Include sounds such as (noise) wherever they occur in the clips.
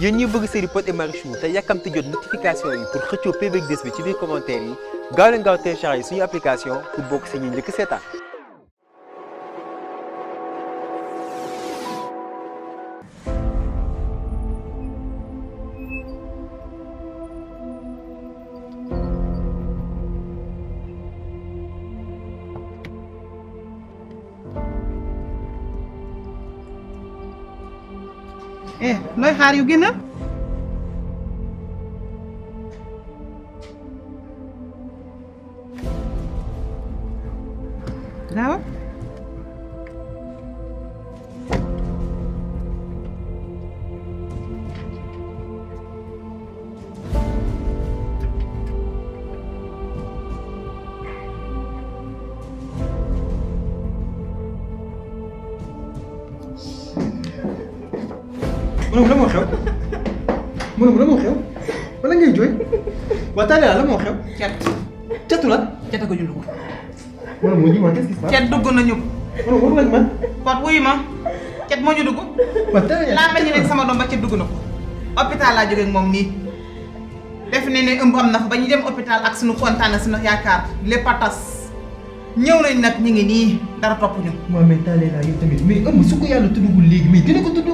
yéen ñi bëgg série pot et Marichou te yàkkamti jot notification yi pour xëccoo PVDS bi ci biir commentaire yi gaaw leen gaaw téléchargé suñu application pour bokk si ñi njëkk seetaan खा रही होगी ना waxtaanee daal lan eh. moo xew. cet cetu lan. cet ko jullu ko. man moo ñu ma qu'est-ce qui se passe. cet dugg nañu ko. man waru lañ man. kon wuyu ma cet moo ñu dugg. waxtaanee laa mel ni sama doom ba cet dugg na ko. hôpital laa jógee ak moom nii. def ne ne ëmb am na fa ba ñu dem hôpital ak suñu kontaan na suñu yaakaar lépp a tas ñëw nañ nag ñu ngi nii dara topp ñu. waaw mais taalee laa tamit mais ëmb su ko yàlla ya tuddugul mais kan dina ko tudd.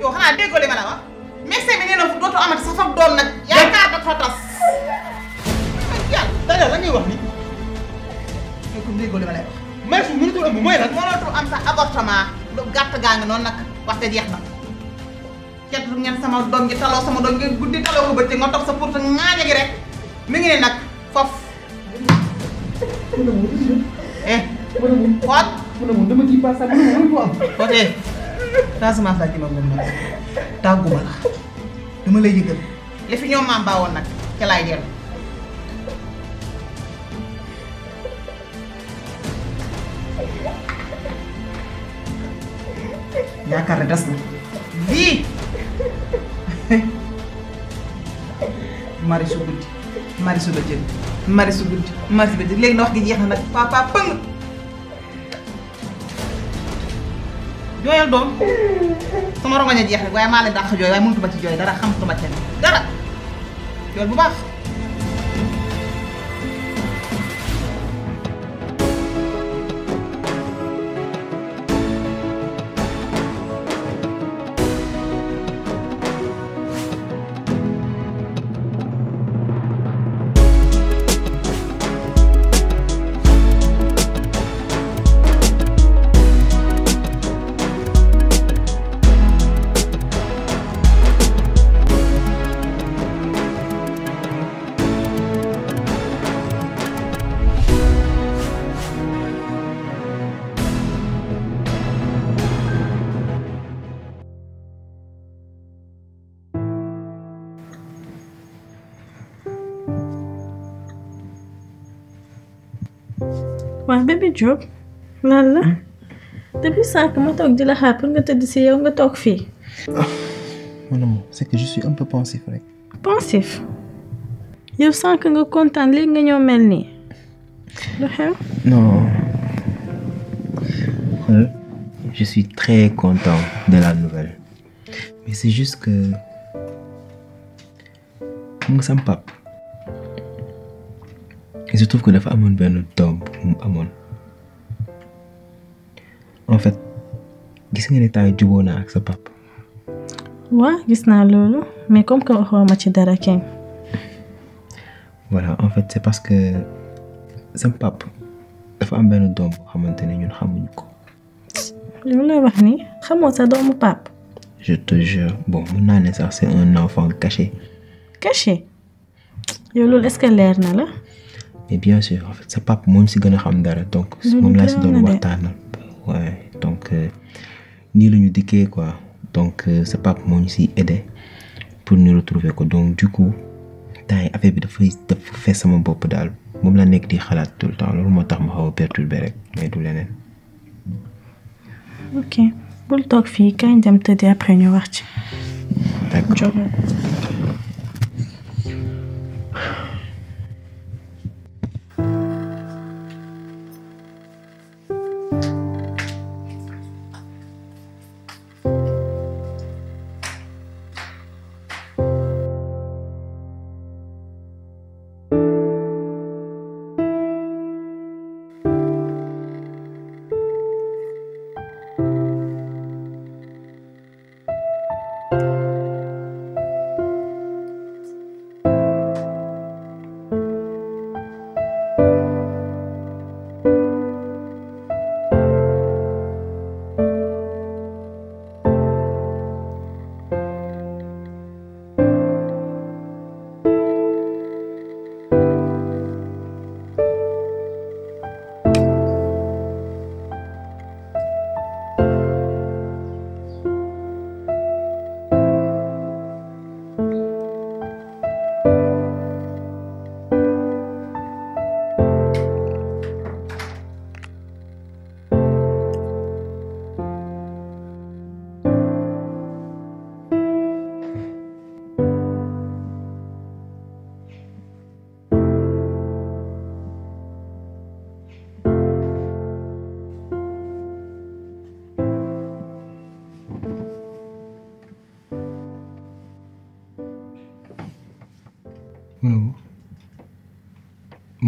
yow xanaa déggoo li ma médecin bi nee na ya, ya, dootoo amati sa fab doom nag yaakaar nag fa tas ni ko ndéggoo li ma lay wax mais su mënatul ëmb mooy lan mënatul am sa avortement lu gàtt gaa lu ngeen sama doom gi taloo sama doom ngeen guddi taloo ko bëccëg nga toog sa pour te gi rek mi ngi ne fof eh xoot mu dama ciy ko Casamance laa ci mag moom nag tàgguma la dama lay yëgal li fi ñoom maam baawoon nag ca na mari su guddi mari su bëccëg mari su guddi mari su bëccëg léegi na wax gi jeex na papa pang. jooyal doom sama rongoñ a jeex rek waaye maa leen dàq jooy waaye mënutuma ci jooy dara xamatuma ci dara jooyal bu baax Bébé Diop lan la depuis sànq ma toog di la xaar pour nga tëdd si yow nga toog fii. man c'est que je suis un peu pensif rek. pensif yow sànq nga kontaan léegi nga ñëw mel nii lu xew. non je suis très content de la nouvelle mais c'est juste que xam nga sama pap je trouve que dafa amoon benn tomb mu amoon en fait gis nga ni temps yi naa ak sa papa. waaw gis naa loolu mais comme que waxoo ma ci dara kenn. voilà en fait c'est parce que sama papa dafa am benn doom boo xamante ne ñun xamuñu ko. li nga lay wax nii xamoo sa doomu papa. je te jure bon mun naa ne sax c'est un enfant caché. caché yow loolu est-ce que leer na la. mais bien sûr en fait sa papa moom si gën a xam dara donc. moom laa si doon waxtaanal ouais donc euh, ni la ñu quoi donc sa euh, papa moo ñu si aider pour nous retrouver quoi donc du coup t'as yi de bi dafay dafa ça sama bopp daal moom la nek di xalaat tout le temps loolu moo tax ma xaw perturbé rek mais du leneen. ok bul talk fii kañ dem tëddee après nous voir d'accord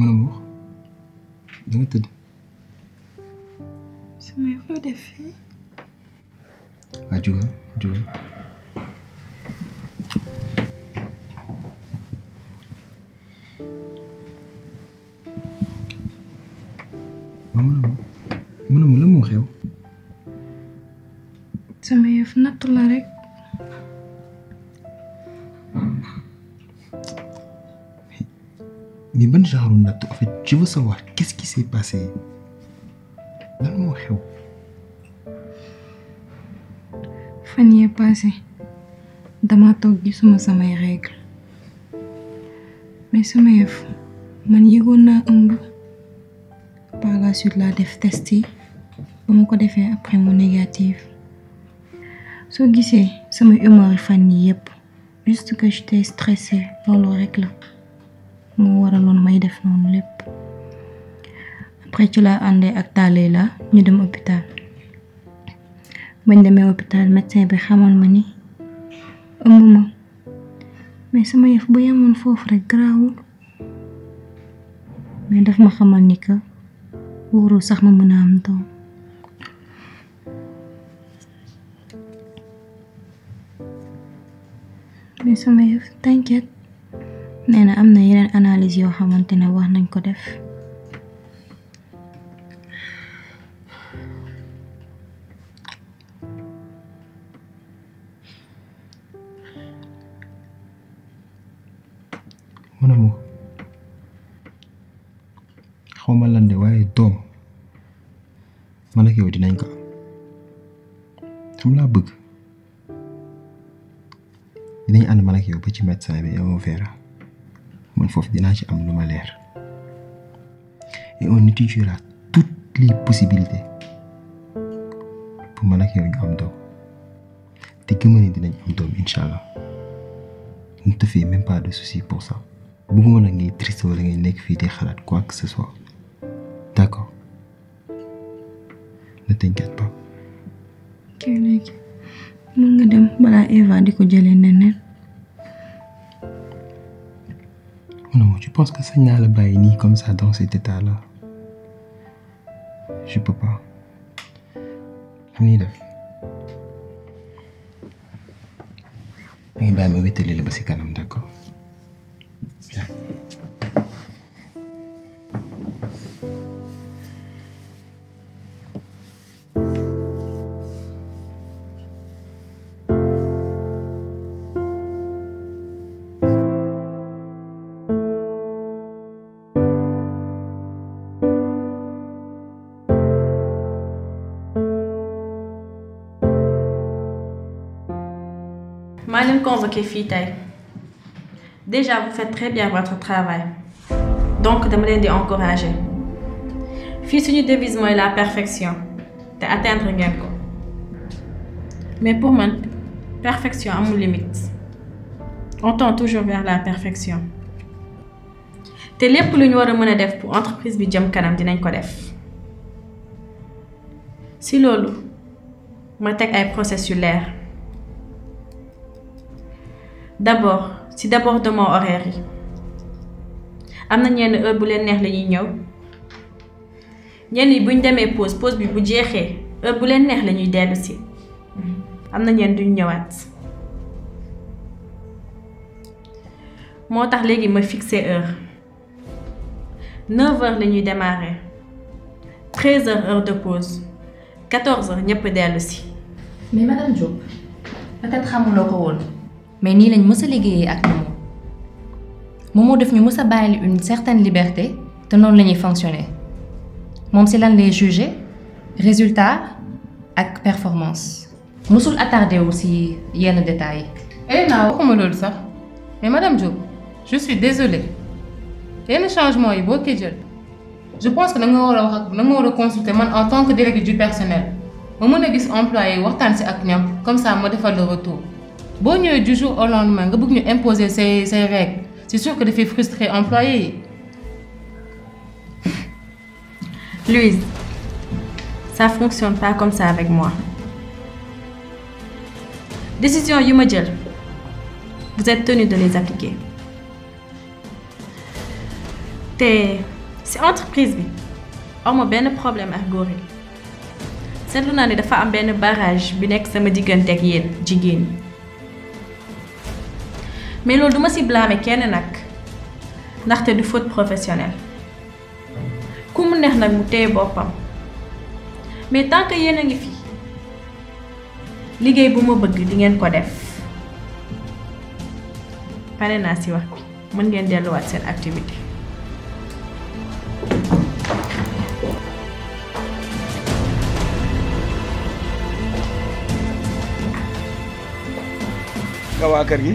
mon amour. Dans tête. C'est un des filles. Adieu. Hein, Harunatou, en fait, je veux savoir qu'est-ce qui s'est passé. Dans le mot Héo. Fan est passé. dama toog gisuma samay règle mais sama yëf man yëgoon naa ëmb par la suite laa def test yi ba ma ko defee après mu négatif soo gisee samay humeur fan yi yëpp juste que j'étais stressée dans le la moo waraloon may def non lepp après ci la andé ak talé la ñu dem hôpital bañ démé hôpital médecin bi xamal ma ni ëmb ma mais sama yef bu yamon fofu rek garaawul mais daf ma xamal ni ka wuro sax ma mëna am doom mais sama yëf t'inquiète nee na am na yeneen analyse yoo xamante ne wax nañ ko def mën a mu xaw ma lan waaye doom man ak yow dinañ ko am xam laa bëgg dinañ ànd man ak yow ba ci médecin bi yow Vera man foofu dinaa ci am lu ma leer et on étudiera toutes les possibilités pour man ak yow ñu am doom te gëma ne dinañ am doom incha allah ne te fais même pas de souci pour ça bëgguma nag ngay triste wala ngay nekk fii di xalaat quoi que ce soit d'accord ne t'inquiète pas. kii léegi mën nga dem balaa Eva di ko jëlee neneen. Non, tu penses que ça n'a le baini comme ça dans cet état-là Je peux pas. Amnida. Mais eh ben, me mettre les bas, c'est quand d'accord. fit déjà vous faites très bien votre travail donc je de encourager Fils devise et la perfection te atteindre rien mais pour moi, perfection mon limite on tend toujours vers la perfection te lépp pour noir de pour entreprise bi kanam dinañ si loolu ma teg ay process sur d'abord ci débordement horaire yi am na ñenn heure bu leen neex la ñuy ñëw ñenn yi buñ demee pause pause bi bu jeexee heure bu leen neex la ñuy dellu si am na ñenn duñ ñëwaat moo tax léegi ma fixé heure 9 heures la ñuy démarrer 13 heures heure de pause 14 heures ñëpp dellu si. mais madame Diop peut-être xamuloo ko woon mais nii lañ mës a ak Momo Momo def ñu mës a une certaine liberté té non la fonctionner mom ci lan lay juger résultat ak performance mësul attardé wu si yenn détails eh na waxuma loolu sax mais madame Diop je suis désolée yenn changement yi boo jël je pense que na nga war a wax ak na nga war a consulter man en tant que directeur du personnel ma mën a gis employé waxtaan si ak ñam comme ça ma defal le retour. Si euh, du jour au lendemain nga bëgg imposer ses règles c'est sûr que fait frustrer employé employés..! (laughs) Louise ça fonctionne pas comme ça avec moi décision yu vous êtes tenu de les appliquer C'est entreprise On a un problème problèmes góor yi seetlu naa ne dafa am un barrage bi a sama diggante ak yéen mais loolu duma si blâmer kenn nag ndaxte du faute professionnel ku mu neex nag mu téye boppam mais tant que yéen a ngi fi liggéey bu ma bëgg di ngeen ko def pare naa si wax bi mën ngeen delluwaat seen activité nga waa kër gi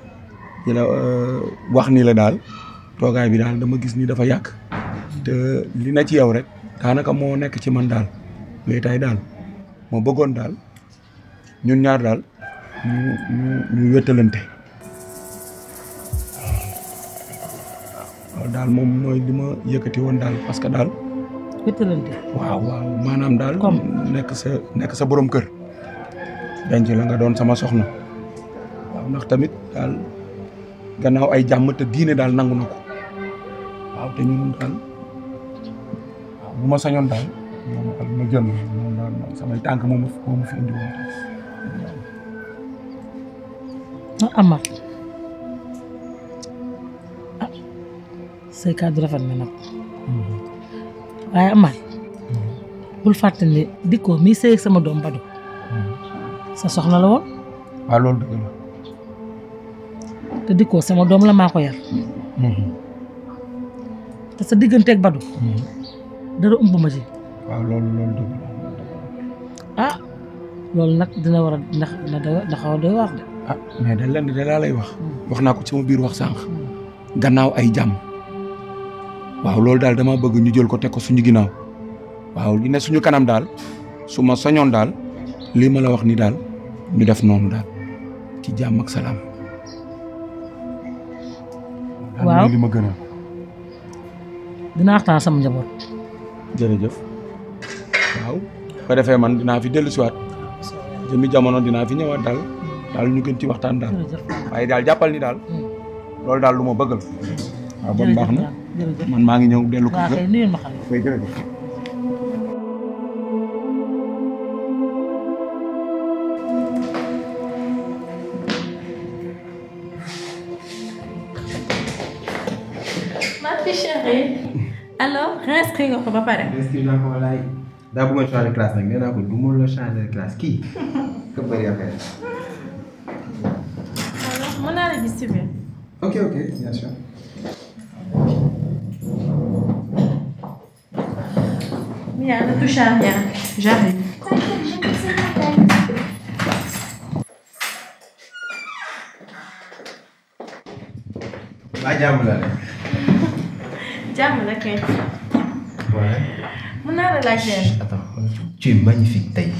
di la euh, wax ni la daal toogaay bi daal dama gis nii dafa yàgg te li na ci yow rek daanaka moo nekk ci man daal wéetaay daal moo bëggoon daal ñun ñaar daal ñu ñu daal moom mooy li ma yëkkati woon daal parce que daal. wéttalante. waaw waaw maanaam daal. nekk sa nekk sa borom kër. denc la nga doon sama soxna waaw ndax tamit daal. gannaaw ay jamm te diine daal nangu na ko waaw te ñun daal bu ma sañoon daal moom daal ma jël moom daal samay tànk moom moo fi indi woon ah Amar ah say kàddu rafet na nag waaye Amar bul fàtte ne dikkoo mii sëy sama doom Badou hmm. sa soxna la woon waaw loolu dëgg la te diko sama dom la mako ko yar mm-hmm. te sa digganteeg Badu mm-hmm. dara ëmb ma ci waaw lol lol dëgg ah lol nak dina wara ndax na da xaw doy wax de ah mais dal lenn da la lay wax mm. wax naa ko sama biir wax sank mm. gannaaw ay jam waaw lol dal dama bëgg ñu jël ko tek ko suñu ginaaw waaw li ne suñu kanam dal. Suma soñon dal li ma la wax ni dal ñu def nonu dal ci jam ak salam waaw li ma gën a. dinaa waxtaan sama njaboot. jërëjëf waaw ko defee man dinaa fi dellu siwaat jëmi jamono dinaa fi ñëwaat daal daal ñu gën ci waxtaan daal waaye daal jàppal ni daal hmm. loolu daal lu ma bëggal waaw bon baax na man maa ngi ñëw dellu ko. waaw kay nuyul ma xam alors réinscrit nga ko ba pare. réinscrit naa ko D'abord, daa bëggoon la classe nag nee naa la classe kii que (laughs) bëri alors mën naa la ok ok bien sûr. ne touche à rien. J'arrive. waa jàmm la Ouais. Mon la Attends, tu es magnifique, Taï.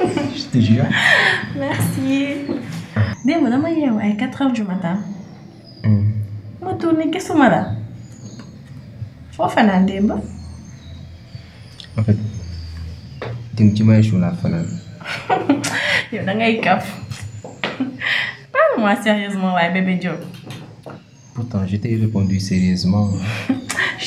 Je te jure. Merci. à 4h du matin. Hmm. Je me tourne, qu'est-ce que Faut faire En fait, tu (laughs) Parle-moi sérieusement, ouais, bébé Joe. Pourtant, je t'ai répondu sérieusement. (laughs)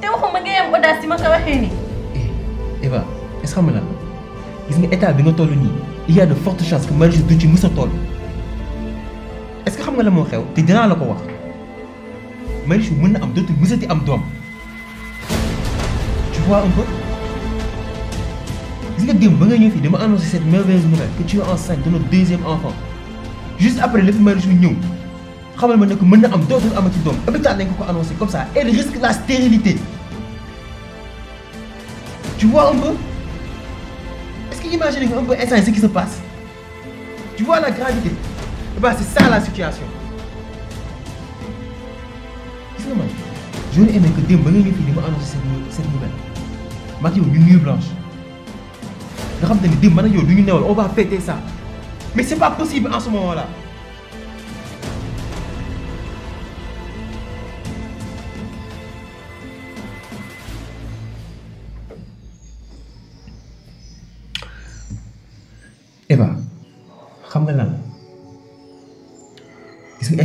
te waxuma nga yam audace si ma ko waxee nii. Eh, Eva est-ce que xam nga lan gis nga état bi nga toll ni. il y a de fortes chances que marie du ci mës a est-ce que xam nga la moo xew te dinaa la ko wax Marichou mën na am dootul mësati am doom tu vois un peu. gis nga démb ba nga ñëw fii dama annoncé cette merveilleuse nouvelle que tu es enceinte de notre deuxième enfant juste après le fi Marichou ñëw xamal ma ne ko mën na am dootul amati doom hôpital lañ ko ko annoncé comme ça elle risque la stérilité tu vois un peu est-ce que imagine un peu instant ce qui se passe tu vois la gravité Et eh bien c'est ça la situation gis nga man j'aurais aimé que démb ba nga ñëw di ma annoncé cette nouvelle ma ak yow nuit blanche nga xam te ne démb man ak du newal on va fêter ça mais c'est pas possible en ce moment là.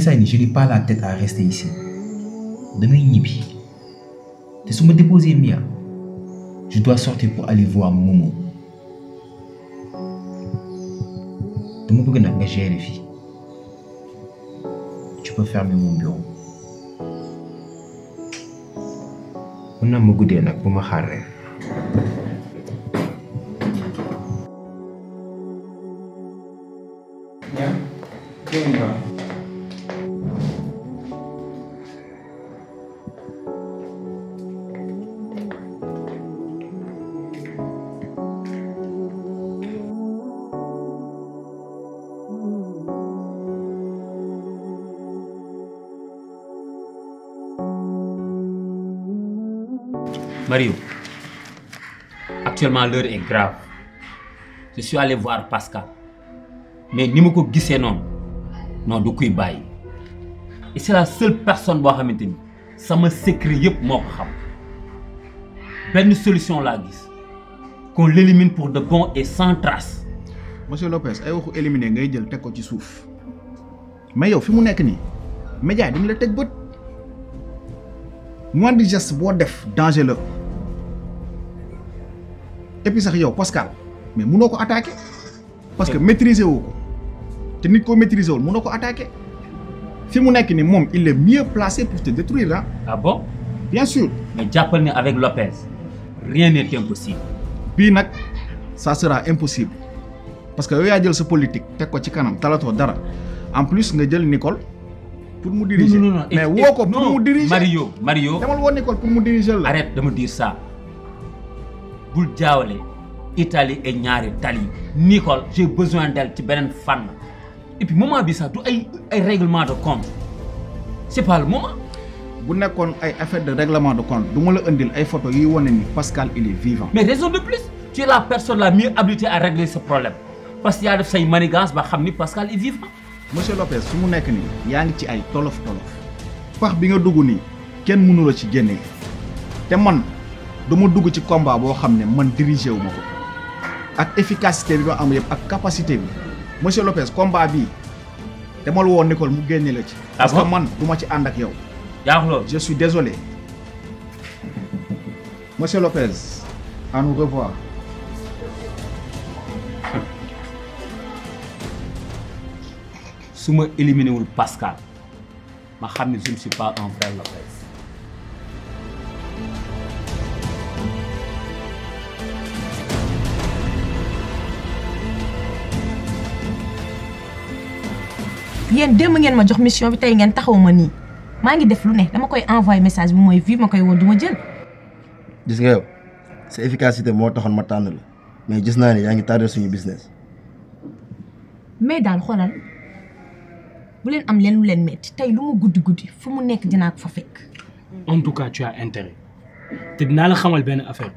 je n'ai pas la tête à rester ici damay ñibbi te su ma déposé Mia je dois sortir pour aller voir Momo me veux nag nga gérer fille. tu peux fermer mon bureau On a ma de nag Mario, actuellement l'heure est grave. Je suis allé voir Pascal. Mais ni moko gisé non. Non du baye. Et c'est la seule personne bo Ça me secret yépp moko xam. une solution là, Qu'on l'élimine pour de bon et sans trace. Monsieur Lopez, ay waxu éliminer ngay jël tek ko ci souf. Mais yow fi mu nek ni média dañ la tek moindre geste boo def dangereux. et puis ça yo Pascal mais munoo ko attaquer parce que maîtriser woo ko te nit maîtriser attaquer Si mu ni il est mieux placé pour te détruire ah. ah bon. bien sûr. mais jàppal avec Lopez rien n'est impossible. Ce ça sera impossible parce que il y a politique teg ko ci en plus nga Nicole pour me diriger mais pour me diriger Mario Mario Je pour me diriger arrête de me dire ça bul que Italie et ñaari tali Nicole j'ai besoin d'elle ci une femme. et puis moment bi tu as ay règlement de compte c'est pas le moment. bu nekkoon ay affaire de règlement de compte ne ma pas ay photo qui wane ni Pascal il est vivant. mais raison de plus tu es la personne la mieux habilitée à régler ce problème parce que y a des manigances ba ni Pascal est vivant. monsieur Lopez su mu nekk nii yaa ngi ci ay tolof tolof pax bi nga dugg nii kenn mënu la ci génne te man dama dugg ci combat boo xam ne man dirigé wu ma ko ak efficacité bi ma am yëpp ak capacité bi monsieur Lopez combat bii demal woo Nicole mu génne la ci. Ah parce man du ma ci ànd ak yow. yaa wax loolu monsieur Lopez à nous revoir. su ma éliminé wul Pascal ma xam ne je ne suis pas un vrai Lopez. yéen démb ngeen ma jox mission bi tey ngeen taxaw ma nii maa ngi def lu ne dama koy envoyé message bi mooy vie ma koy woo du ma jël. gis nga yow sa efficacité moo taxoon ma tànn la mais gis naa ne yaa tardé suñu business. mais daal xoolal bu leen am leen lu leen metti tey lu mu guddi guddi fu mu nekk dinaa ko fa fekk. en tout cas tu te dinaa la xamal benn affaire.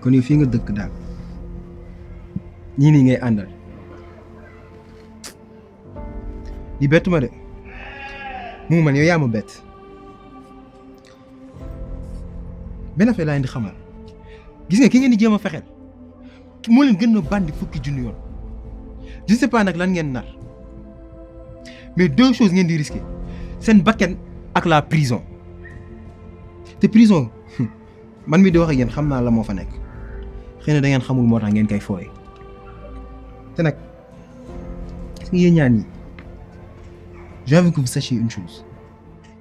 kon fii nga dëkk daal ñii nii ngay àndal li bett ma de mu man yow yaa ma bett. benn affaire laa leen xamal gis nga ki ngeen di jéem fexel mo moo leen gën a bandi fukki junni yoon je sais pas nak lan ngeen nar mais deux choses ngeen di risquer sen bakken ak la prison te prison (laughs) man mi di wax ak yéen xam naa la moo fa nekk xëy na da ngeen xamul moo tax ngeen koy fooye te nag gis nga yéen ñaan yi j'ai envie que vous sachiez une chose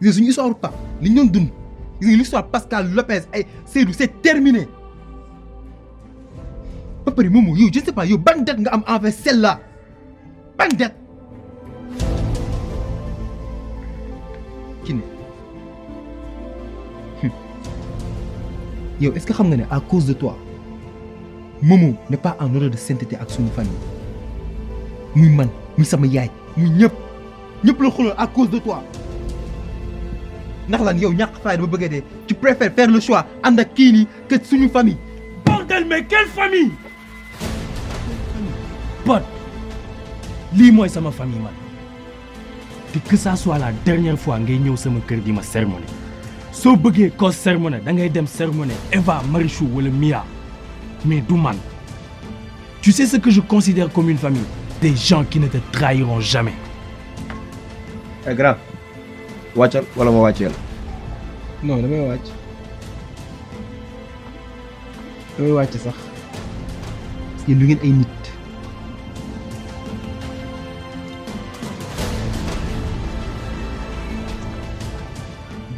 gis suñu histoire Pape li ñu doon dund une histoire Pascal Lopez C'est c'est terminé Papa, je ne sais pas am celle-là bande. Hum. est-ce que tu sais à cause de toi Momo n'est pas en ordre de sainteté avec son famille man sama la à cause de toi tu préfères faire le choix entre ak que que suñu famille. bordel mais quelle famille. bon lis-moi ça ma famille man que ce soit la dernière fois que ñëw sama kër gi ma cérémonie. soo tu cause cérémonie. da ngay dem cérémonie Eva Marichou ou Mia mais Duman, tu sais ce que je considère comme une famille des gens qui ne te trahiront jamais. c'est eh, grave wala ma la non damay Ne damay wàcc sax parce que lu ay nit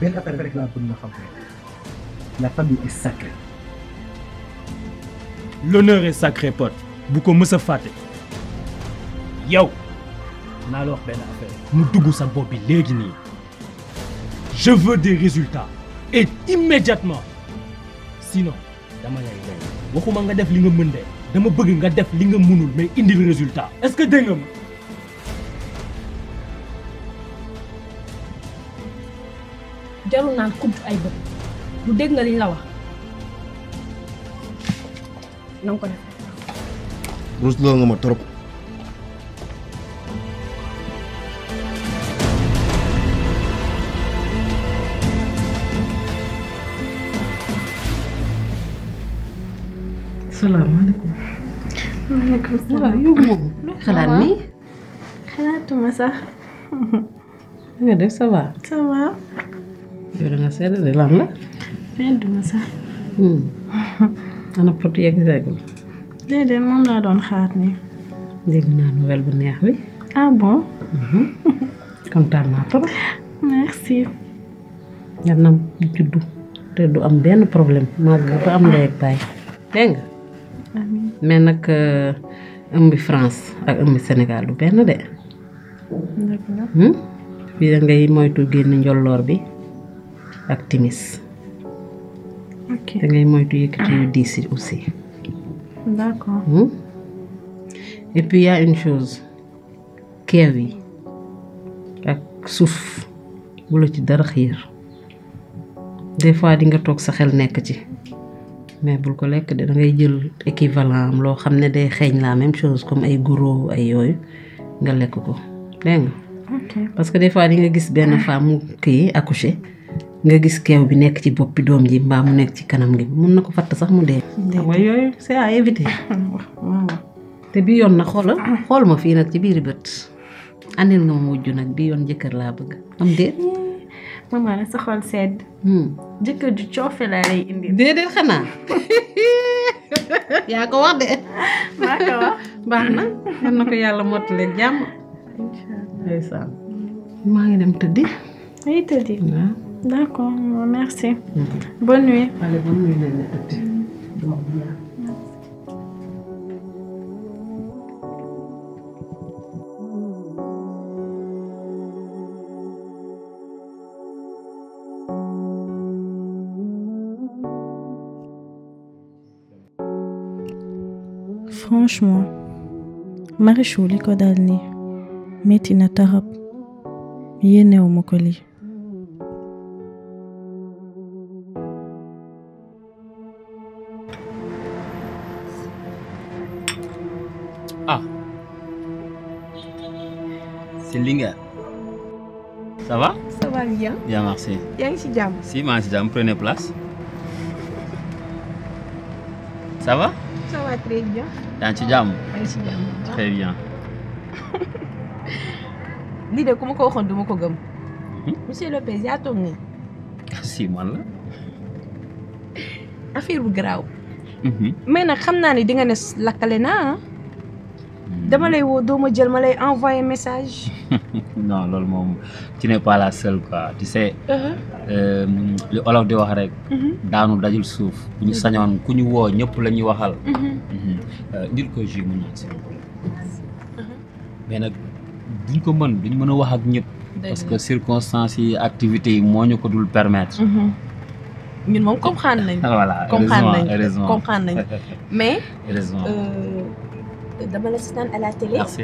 ben affaire rek la bëgg la famille est sacrée l'honneur est sacré pote bu ko nous pas. fàtte yow naa la wax benn affaire mu dugg sa je veux des résultats. Et immédiatement. Sinon, je lay rey waxuma nga def li nga dama que nga def li nga mënul mais des résultats. est-ce que tu nga ma na naan ay bu de nga li la wax Je ko السلام عليكم وعليكم السلام خلاني خلاتو مساح nga def ça va ça va yow da nga sedd de lan la sedd ma sax ana pot yeeg seegul déedéet moom laa doon xaar nii dégg naa nouvelle bu neex bi ah bon kontaan naa trop merci yal na juddu te du am benn problème màgg ba am ndey ak bàyyi dégg nga amiin mais nag euh, ëmbi France ak ëmbi Sénégal du benn de. bii hmm? da moytu génn njolloor bi ak timis da ngay moytu yëkkati yu diis yi aussi. d'accord. Hmm? et puis y une chose keew yi ak suuf bu ci dara xiir des fois di nga toog sa xel nekk ci. mais bul ko lekk de da jël équivalent am loo xam ne day xeeñ la même chose comme ay guro ay yooyu nga lekk ko dégg nga. parce que des fois di nga gis benn femme mu kii accouché nga gis kew bi nekk ci boppi doom ji mbaa mu nekk ci kanam gi mun na ko fatt sax mu dee. Ah waaye yooyu c'est à éviter. (laughs) te bi yoon na xool xool ma fii nag ci biir bët. andil nga mu wujju nag bi yoon jëkkër laa bëgg am déet. maman na sa xol sedd. Hmm. jëkkër ju coofe laa lay indi. déedéet xanaa (laughs) yaa ko wax de. maa ko wax. baax na mën na ko yàlla mottali jàmm. maa ngi dem tëddi. ay tëddi. waaw d' accord merci. bonne nuit. Franchement, Marichou le d'Alni, dal ni une na ah c'est Linga ça va ça va bien bien merci Bien ici, Jam. si ma si prenez place ça va ak léegi yaa ngi ci jàmm. yaa ngi (laughs) lii de ku ma ko waxoon du ma ko gëm. Hmm? monsieur yaa toog nii. Ah, si man la. (laughs) affaire bu garaaw. Mm-hmm. mais nag xam naa ne di nga ne lakkale naa ah. mm-hmm. dama lay woo doo ma jël ma lay envoyé message. (laughs) non loolu moom tu n'es pas la seule quoi tu sais. Uh-huh. Euh, le olof di wax rek. Uh-huh. daanu dajul suuf. bu ñu sañoon ku ñu woo ñëpp la ñuy waxal. Uh-huh. Euh, indil ko jus mu naan s'il mais nag duñ ko mën duñ mën a wax ak ñëpp. parce que circonstances yi activité, yi moo ñu ko dul permettre. ñun moom comprendre nañ (laughs) voilà heureusement comprendre (laughs) mais. heureusement euh, dama la seetaan à la télé. merci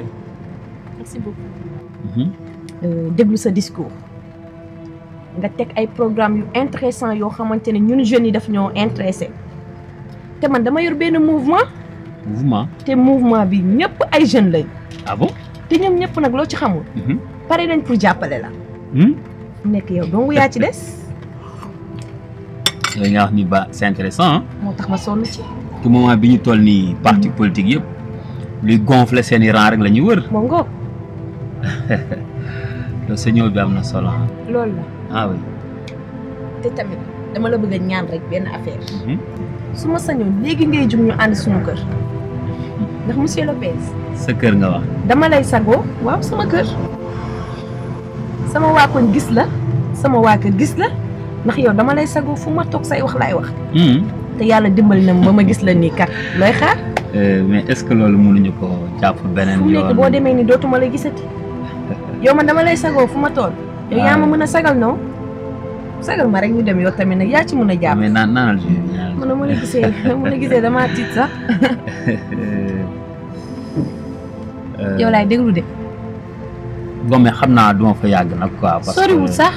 merci beaucoup. Euh, déglu ce discours nga tek ay programme intéressant yoo xamante ñun jeunes yi daf ñoo intéressé man dama mouvement. mouvement mouvement bi ñëpp jeunes ah bon te ñoom ñëpp nag loo ci xamul. Mhm. nañ pour la. Hmm? yow ci ba c'est intéressant hein? ma ci. moment bi toll parti politique rang la loolu sa ñëw bi am na solo loolu la ah te tamit dama la bëgg a ñaan rek benn affaire mhm. su ma sañoon léegi ngay jug ñu ànd suñu kër ndax monsieur Lopez sa kër nga wax dama lay sagoo waaw sama kër sama waa koñ gis la sama waa kër gis la ndax yow dama lay sagoo fu ma toog say wax laay wax mhm. te yàlla dimbali na mu ba ma gis la nii kat looy xaar euh, mais est-ce que loolu mënuñu ko jàpp beneen yoon fu nekk boo demee ni dootuma la gisati yow ma dama lay sagoo fu ma tool yow yaa ah. ma mën a sagal non sagal ma rek ñu dem yow tamit nag yaa ci mën a jàpp. mais naan naanal ji. mën na mën a gisee mën a gisee tiit sax. yow laay déglu de. bon mais xam naa duma fa yàgg nag quoi. parce que soriwul sax.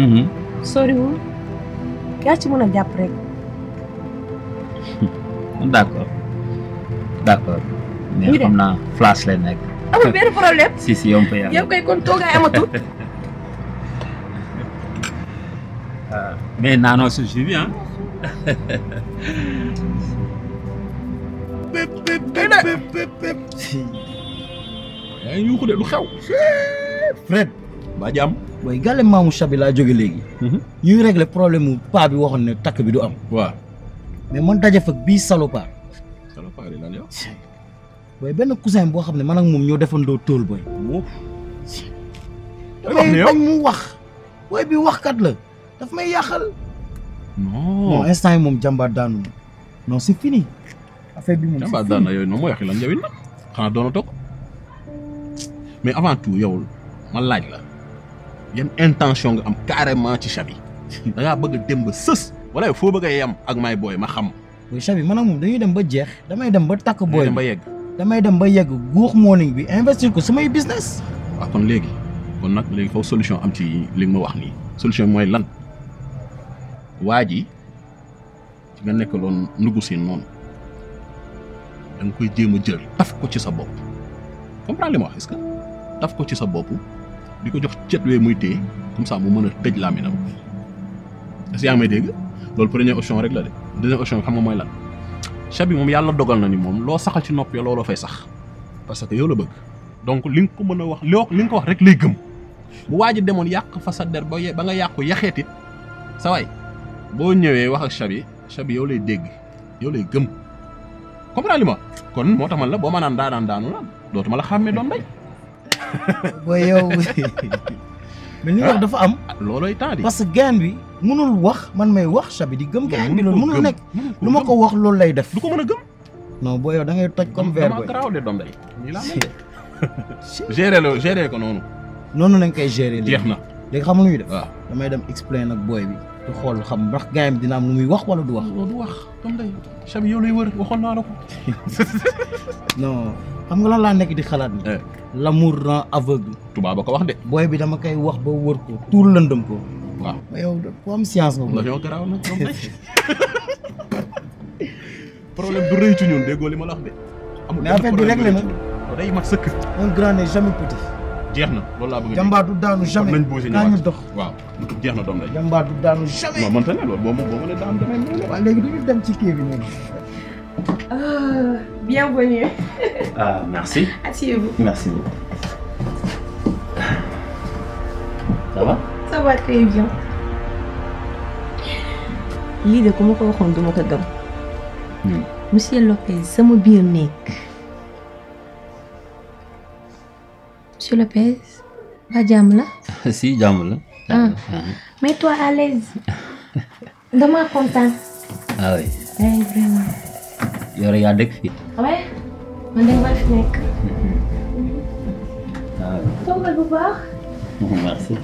Mm-hmm. soriwul yaa ci a jàpp rek. (laughs) d' accord d' accord. mais xam amul benn problème. si si yow kay yow kay kon toogaay amatul. mais naanoo su jus bi ah. yaa yuuxu (laughs) ah, ah, de lu xew. Fred. ba jàmm. booy gàlle maamu Chabi laa jóge léegi. ñuy régler problème mu paa bi waxoon ne takk bi du am. waaw. mais man daje fa bii salopard. salopard booy benn cousin boo xam ne man ak moom ñoo defandoo tool booy. damay bañ mu wax. booy bi waxkat la daf may yàqal. non instant yi moom jàmbaar daanu ma non c'est fini. affaire bi moom jàmbaar daanu na yooyu noonu moo yàqi la xanaa doon na toog mais ma laaj la yan intention nga am carrément ci Chabi da ngaa bëgg dem ba sës wala foo bëgg a yem ak may booy ma xam. booy Chabi man ak moom dañuy dem ba jeex damay dem ba takk booy. ba yegg. damay dem ba yegg guux morning bi investir ko samay business. waaw kon léegi kon nag léegi foofu solution am ci li nga ma wax nii solution mooy lan waa ji ci nga nekk loon ndugu noonu da koy jéem a jël taf ko ci sa bopp comprendre li ma wax est-ce que taf ko ci sa bopp di ko jox cet wee muy téye comme mu mën a tëj laaminam est-ce que yaa ngi may dégg loolu première option rek la de deuxième option xam nga mooy lan. chat moom yàlla dogal na ni moom loo saxal ci nopp ya looloo fay sax parce que yow la bëgg donc li nga ko mën a wax loo li nga ko wax rek lay gëm bu waa ji demoon yàq fa sa der ba ba nga yàqu yaxeet it sa waay boo ñëwee wax ak chat bi chat lay dégg yow lay gëm comprends li ma kon moo tax ma la boo ma naan daanaan daanu la dootuma la xàmmee doom day booy yow (laughs) mais li wax dafa am. Ah, loolooy taal parce que gaan bi mënul wax man may wax sabi di gëm. gaan bi loolu mënul nekk lu ma ko wax loolu lay def. du ko mën a gëm. non boo da ngay toj comme verre booy. damaa (laughs) géré la géré ko noonu. noonu lañ koy géré. jeex na léegi xam lu ñuy def. damay dem explain nag booy bi. di xool xam ndax gaan bi dina am lu muy wax wala du wax. du wax comme day sabi yow lay wër waxoon naa la ko. (laughs) non. xam nga lan laa nekk di xalaat ni eh. l'amour rend aveugle tubaab ko wax de booy bi dama koy wax ba wër ko tuur lëndëm ko waaw yow ku am science nga dañoo problème du rëy ci ñun déggoo li ma la wax de amul mais affaire bi jeex na loolu laa bëgg jàmbaatu daanu jamais nañ bougé dox waaw jeex na doom day jàmbaatu daanu jamais non mënta ne loolu boo moom boo mën léegi duñu dem ci kii bi Bienvenue. Ah, merci. Asseyez-vous. Merci beaucoup. Ça va Ça va très bien. L'idée comment ku monsieur Lopez ça me nek. monsieur Lopez Va jàmm (laughs) si j'amla. Ah. là. ah mets-toi à l'aise dama content. Hein. ah oui eh, vraiment yore yaa dëkk fit. waaye Ah ouais On est merci.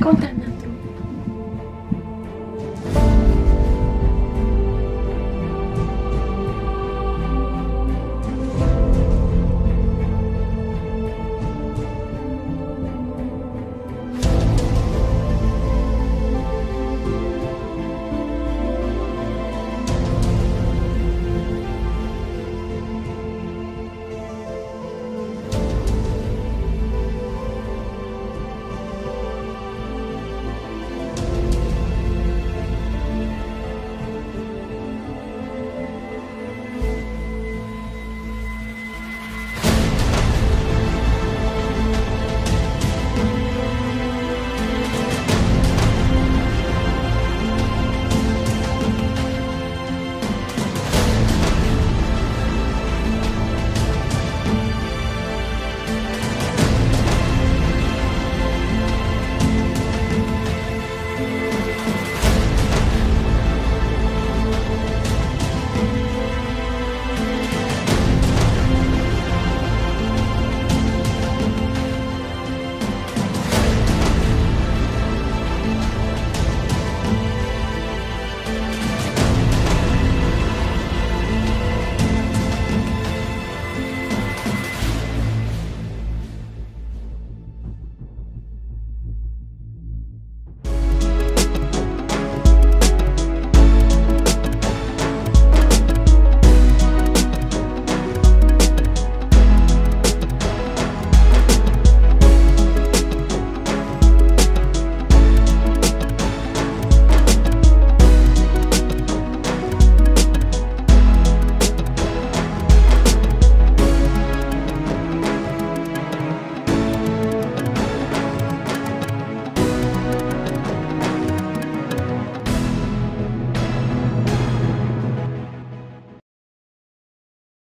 Content.